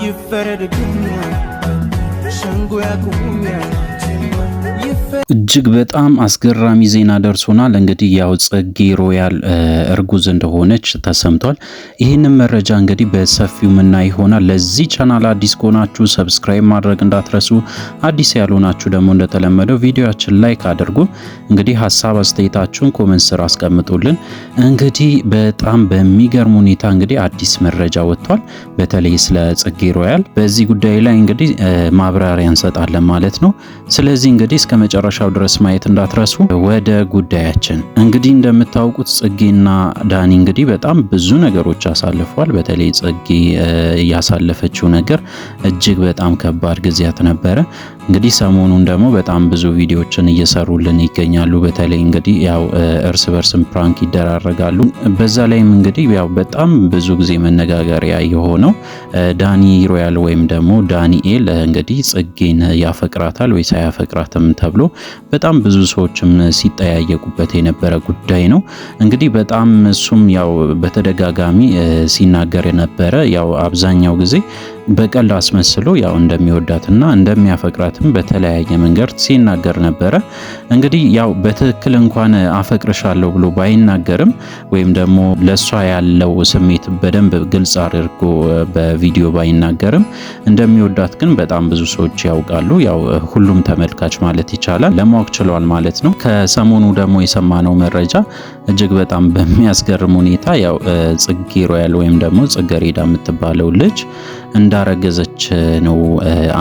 一飞的姑娘，山沟的姑娘。እጅግ በጣም አስገራሚ ዜና ደርሶናል። እንግዲህ ያው ጽጌ ሮያል እርጉዝ እንደሆነች ተሰምቷል። ይህንን መረጃ እንግዲህ በሰፊው ምና ይሆናል። ለዚህ ቻናል አዲስ ከሆናችሁ ሰብስክራይብ ማድረግ እንዳትረሱ። አዲስ ያልሆናችሁ ደግሞ እንደተለመደው ቪዲዮችን ላይክ አድርጉ። እንግዲህ ሀሳብ አስተያየታችሁን ኮመንት ስር አስቀምጡልን። እንግዲህ በጣም በሚገርም ሁኔታ እንግዲህ አዲስ መረጃ ወጥቷል። በተለይ ስለ ጽጌ ሮያል በዚህ ጉዳይ ላይ እንግዲህ ማብራሪያ እንሰጣለን ማለት ነው። ስለዚህ እንግዲህ እስከ መጨረሻው ድረስ ማየት እንዳትረሱ። ወደ ጉዳያችን እንግዲህ እንደምታውቁት ጽጌና ዳኒ እንግዲህ በጣም ብዙ ነገሮች አሳልፏል። በተለይ ጽጌ ያሳለፈችው ነገር እጅግ በጣም ከባድ ጊዜያት ነበረ። እንግዲህ ሰሞኑን ደግሞ በጣም ብዙ ቪዲዮዎችን እየሰሩልን ይገኛሉ። በተለይ እንግዲህ ያው እርስ በርስም ፕራንክ ይደራረጋሉ። በዛ ላይም እንግዲህ ያው በጣም ብዙ ጊዜ መነጋገሪያ የሆነው ዳኒ ሮያል ወይም ደግሞ ዳኒኤል እንግዲህ ጽጌን ያፈቅራታል ወይስ አያፈቅራትም ተብሎ በጣም ብዙ ሰዎችም ሲጠያየቁበት የነበረ ጉዳይ ነው። እንግዲህ በጣም እሱም ያው በተደጋጋሚ ሲናገር የነበረ ያው አብዛኛው ጊዜ በቀል አስመስሎ ያው እንደሚወዳትና እንደሚያፈቅራትም በተለያየ መንገድ ሲናገር ነበረ። እንግዲህ ያው በትክክል እንኳን አፈቅርሻለሁ ብሎ ባይናገርም ወይም ደግሞ ለእሷ ያለው ስሜት በደንብ ግልጽ አድርጎ በቪዲዮ ባይናገርም እንደሚወዳት ግን በጣም ብዙ ሰዎች ያውቃሉ። ያው ሁሉም ተመልካች ማለት ይቻላል ለማወቅ ችሏል ማለት ነው። ከሰሞኑ ደግሞ የሰማነው መረጃ እጅግ በጣም በሚያስገርም ሁኔታ ያው ጽጌ ሮያል ወይም ደግሞ ጽጌሬዳ የምትባለው ልጅ እንዳረገዘች ነው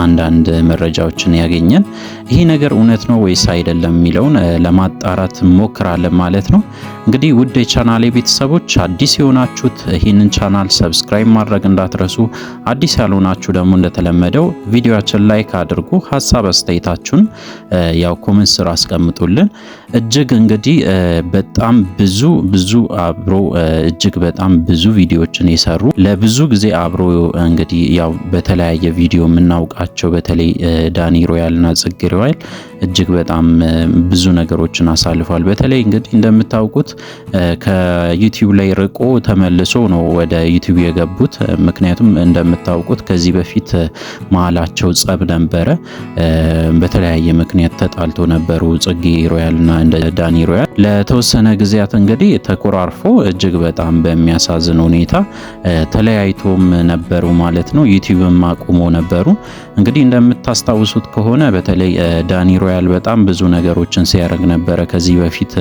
አንዳንድ መረጃዎችን ያገኘን። ይሄ ነገር እውነት ነው ወይስ አይደለም የሚለውን ለማጣራት ሞክራለን ማለት ነው። እንግዲህ ውድ የቻናሌ ቤተሰቦች አዲስ የሆናችሁት ይህንን ቻናል ሰብስክራይብ ማድረግ እንዳትረሱ፣ አዲስ ያልሆናችሁ ደግሞ እንደተለመደው ቪዲዮችን ላይክ አድርጉ፣ ሀሳብ አስተያየታችሁን ያው ኮመንት ስር አስቀምጡልን። እጅግ እንግዲህ በጣም ብዙ ብዙ አብሮ እጅግ በጣም ብዙ ቪዲዮዎችን የሰሩ ለብዙ ጊዜ አብሮ እንግዲህ እንግዲህ ያው በተለያየ ቪዲዮ የምናውቃቸው በተለይ ዳኒ ሮያልና ጽጌ ሮያል እጅግ በጣም ብዙ ነገሮችን አሳልፏል። በተለይ እንግዲህ እንደምታውቁት ከዩቲዩብ ላይ ርቆ ተመልሶ ነው ወደ ዩቲዩብ የገቡት። ምክንያቱም እንደምታውቁት ከዚህ በፊት መሀላቸው ጸብ ነበረ። በተለያየ ምክንያት ተጣልቶ ነበሩ ጽጌ ሮያልና ዳኒ ሮያል ለተወሰነ ጊዜያት እንግዲህ ተቆራርፎ እጅግ በጣም በሚያሳዝን ሁኔታ ተለያይቶም ነበሩ ማለት ነው። ዩቲዩብም አቁሞ ነበሩ። እንግዲህ እንደምታስታውሱት ከሆነ በተለይ ዳኒ ሮያል በጣም ብዙ ነገሮችን ሲያደርግ ነበረ ከዚህ በፊት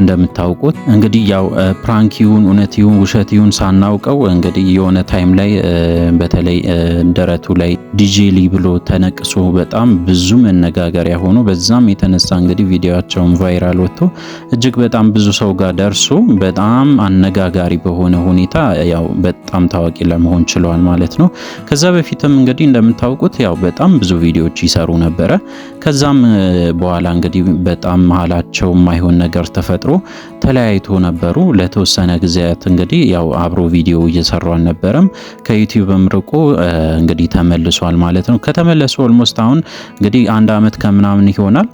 እንደምታውቁት። እንግዲህ ያው ፕራንክ ይሁን እውነት ይሁን ውሸት ይሁን ሳናውቀው እንግዲህ የሆነ ታይም ላይ በተለይ ደረቱ ላይ ዲጄሊ ብሎ ተነቅሶ በጣም ብዙ መነጋገሪያ ሆኖ በዛም የተነሳ እንግዲህ ቪዲዮቸውን ቫይራል ወጥቶ እጅግ በጣም ብዙ ሰው ጋር ደርሶ በጣም አነጋጋሪ በሆነ ሁኔታ ያው በጣም ታዋቂ ለመሆን ችሏል ማለት ነው። ከዛ በፊትም እንግዲህ እንደምታውቁት ያው በጣም ብዙ ቪዲዮዎች ይሰሩ ነበረ። ከዛም በኋላ እንግዲህ በጣም መሀላቸው የማይሆን ነገር ተፈጥሮ ተለያይቶ ነበሩ ለተወሰነ ጊዜያት። እንግዲህ ያው አብሮ ቪዲዮ እየሰሩ አልነበረም። ከዩቲዩብም ርቆ እንግዲህ ተመልሷል ማለት ነው። ከተመለሱ ኦልሞስት አሁን እንግዲህ አንድ አመት ከምናምን ይሆናል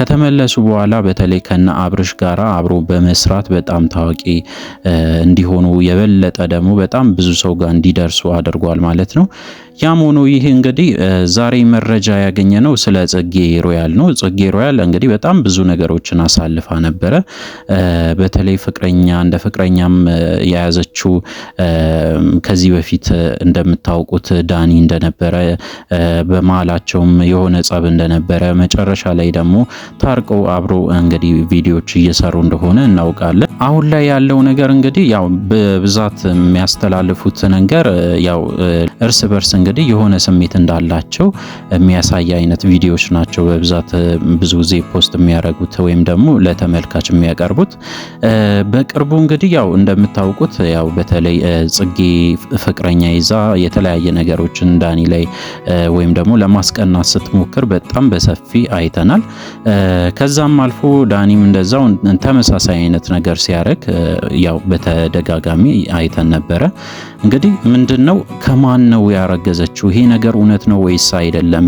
ከተመለሱ በኋላ በተለይ ከነ አብርሽ ጋራ አብሮ በመስራት በጣም ታዋቂ እንዲሆኑ የበለጠ ደግሞ በጣም ብዙ ሰው ጋር እንዲደርሱ አድርጓል ማለት ነው። ያም ሆኖ ይህ እንግዲህ ዛሬ መረጃ ያገኘ ነው ስለ ጽጌ ሮያል ነው። ጽጌ ሮያል እንግዲህ በጣም ብዙ ነገሮችን አሳልፋ ነበረ። በተለይ ፍቅረኛ እንደ ፍቅረኛም የያዘችው ከዚህ በፊት እንደምታውቁት ዳኒ እንደነበረ በመሀላቸውም የሆነ ጸብ እንደነበረ መጨረሻ ላይ ደግሞ ታርቀው አብሮ እንግዲህ ቪዲዮዎች እየሰሩ እንደሆነ እናውቃለን። አሁን ላይ ያለው ነገር እንግዲህ ያው በብዛት የሚያስተላልፉት ነገር ያው እርስ በርስ እንግዲህ እንግዲህ የሆነ ስሜት እንዳላቸው የሚያሳይ አይነት ቪዲዮዎች ናቸው በብዛት ብዙ ጊዜ ፖስት የሚያደርጉት ወይም ደግሞ ለተመልካች የሚያቀርቡት። በቅርቡ እንግዲህ ያው እንደምታውቁት ያው በተለይ ጽጌ ፍቅረኛ ይዛ የተለያየ ነገሮችን ዳኒ ላይ ወይም ደግሞ ለማስቀናት ስትሞክር በጣም በሰፊ አይተናል። ከዛም አልፎ ዳኒም እንደዛው ተመሳሳይ አይነት ነገር ሲያደርግ ያው በተደጋጋሚ አይተን ነበረ። እንግዲህ ምንድን ነው ከማን ነው ያረገ ያረገዘችው? ይሄ ነገር እውነት ነው ወይስ አይደለም?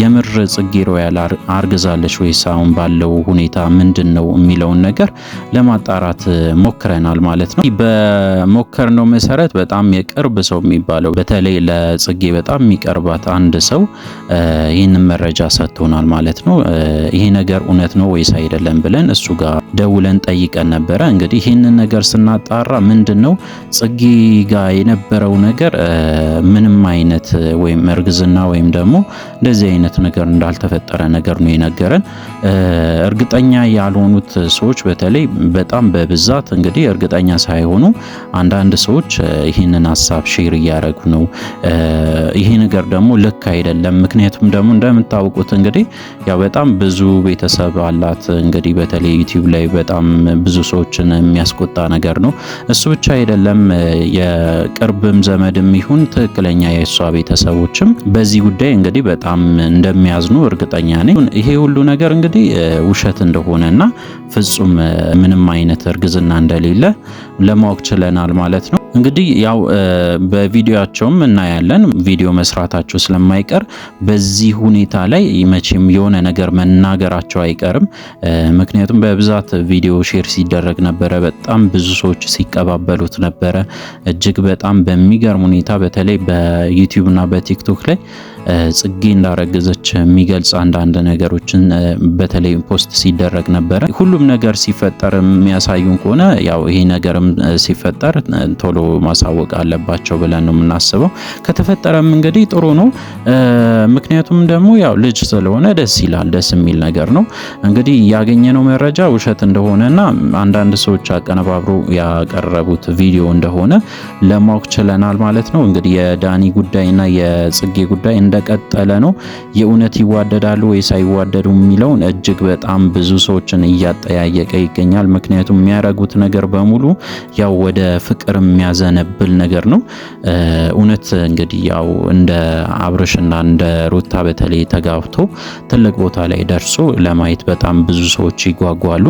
የምር ጽጌ ሮያል አርግዛለች ወይስ አሁን ባለው ሁኔታ ምንድን ነው የሚለውን ነገር ለማጣራት ሞክረናል ማለት ነው። በሞከርነው መሰረት በጣም የቅርብ ሰው የሚባለው በተለይ ለጽጌ በጣም የሚቀርባት አንድ ሰው ይህንን መረጃ ሰጥቶናል ማለት ነው። ይሄ ነገር እውነት ነው ወይስ አይደለም ብለን እሱ ጋር ደውለን ጠይቀን ነበረ። እንግዲህ ይህንን ነገር ስናጣራ ምንድን ነው ጽጌ ጋር የነበረው ነገር ምንም አይነት ወይም እርግዝና ወይም ደግሞ እንደዚህ አይነት ነገር እንዳልተፈጠረ ነገር ነው የነገረን። እርግጠኛ ያልሆኑት ሰዎች በተለይ በጣም በብዛት እንግዲህ እርግጠኛ ሳይሆኑ አንዳንድ ሰዎች ይህንን ሀሳብ ሼር እያደረጉ ነው። ይሄ ነገር ደግሞ ልክ አይደለም። ምክንያቱም ደግሞ እንደምታውቁት እንግዲህ ያው በጣም ብዙ ቤተሰብ አላት እንግዲህ በተለይ ዩቲዩብ ላይ በጣም ብዙ ሰዎችን የሚያስቆጣ ነገር ነው። እሱ ብቻ አይደለም የቅርብም ዘመድም ይሁን ትክክለኛ የእሷ ቤተሰቦችም በዚህ ጉዳይ እንግዲህ በጣም እንደሚያዝኑ እርግጠኛ ነኝ። ይሄ ሁሉ ነገር እንግዲህ ውሸት እንደሆነና ፍጹም ምንም አይነት እርግዝና እንደሌለ ለማወቅ ችለናል ማለት ነው። እንግዲህ ያው በቪዲዮቸውም እናያለን ቪዲዮ መስራታቸው ስለማይቀር በዚህ ሁኔታ ላይ መቼም የሆነ ነገር መናገራቸው አይቀርም። ምክንያቱም በብዛት ቪዲዮ ሼር ሲደረግ ነበረ፣ በጣም ብዙ ሰዎች ሲቀባበሉት ነበረ። እጅግ በጣም በሚገርም ሁኔታ በተለይ በዩቲዩብ እና በቲክቶክ ላይ ጽጌ እንዳረገዘች የሚገልጽ አንዳንድ ነገሮችን በተለይ ፖስት ሲደረግ ነበረ። ሁሉም ነገር ሲፈጠር የሚያሳዩን ከሆነ ያው ይሄ ነገርም ሲፈጠር ቶሎ ማሳወቅ አለባቸው ብለን ነው የምናስበው። ከተፈጠረም እንግዲህ ጥሩ ነው። ምክንያቱም ደግሞ ያው ልጅ ስለሆነ ደስ ይላል። ደስ የሚል ነገር ነው። እንግዲህ ያገኘነው መረጃ ውሸት እንደሆነና አንዳንድ ሰዎች አቀነባብሮ ያቀረቡት ቪዲዮ እንደሆነ ለማወቅ ችለናል ማለት ነው። እንግዲህ የዳኒ ጉዳይና የጽጌ ጉዳይ እንደ እንደቀጠለ ነው። የእውነት ይዋደዳሉ ወይስ አይዋደዱ የሚለውን እጅግ በጣም ብዙ ሰዎችን እያጠያየቀ ይገኛል። ምክንያቱም የሚያረጉት ነገር በሙሉ ያው ወደ ፍቅር የሚያዘነብል ነገር ነው። እውነት እንግዲህ ያው እንደ አብርሽና እንደ ሩታ በተለይ ተጋብቶ ትልቅ ቦታ ላይ ደርሶ ለማየት በጣም ብዙ ሰዎች ይጓጓሉ።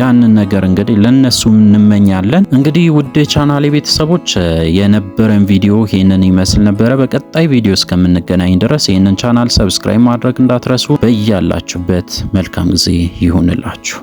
ያንን ነገር እንግዲህ ለነሱ እንመኛለን። እንግዲህ ውድ ቻናሌ ቤተሰቦች የነበረን ቪዲዮ ይህንን ይመስል ነበረ። በቀጣይ ቪዲዮ እስከምንገናኝ ድረስ ይህንን ቻናል ሰብስክራይብ ማድረግ እንዳትረሱ። በያላችሁበት መልካም ጊዜ ይሁንላችሁ።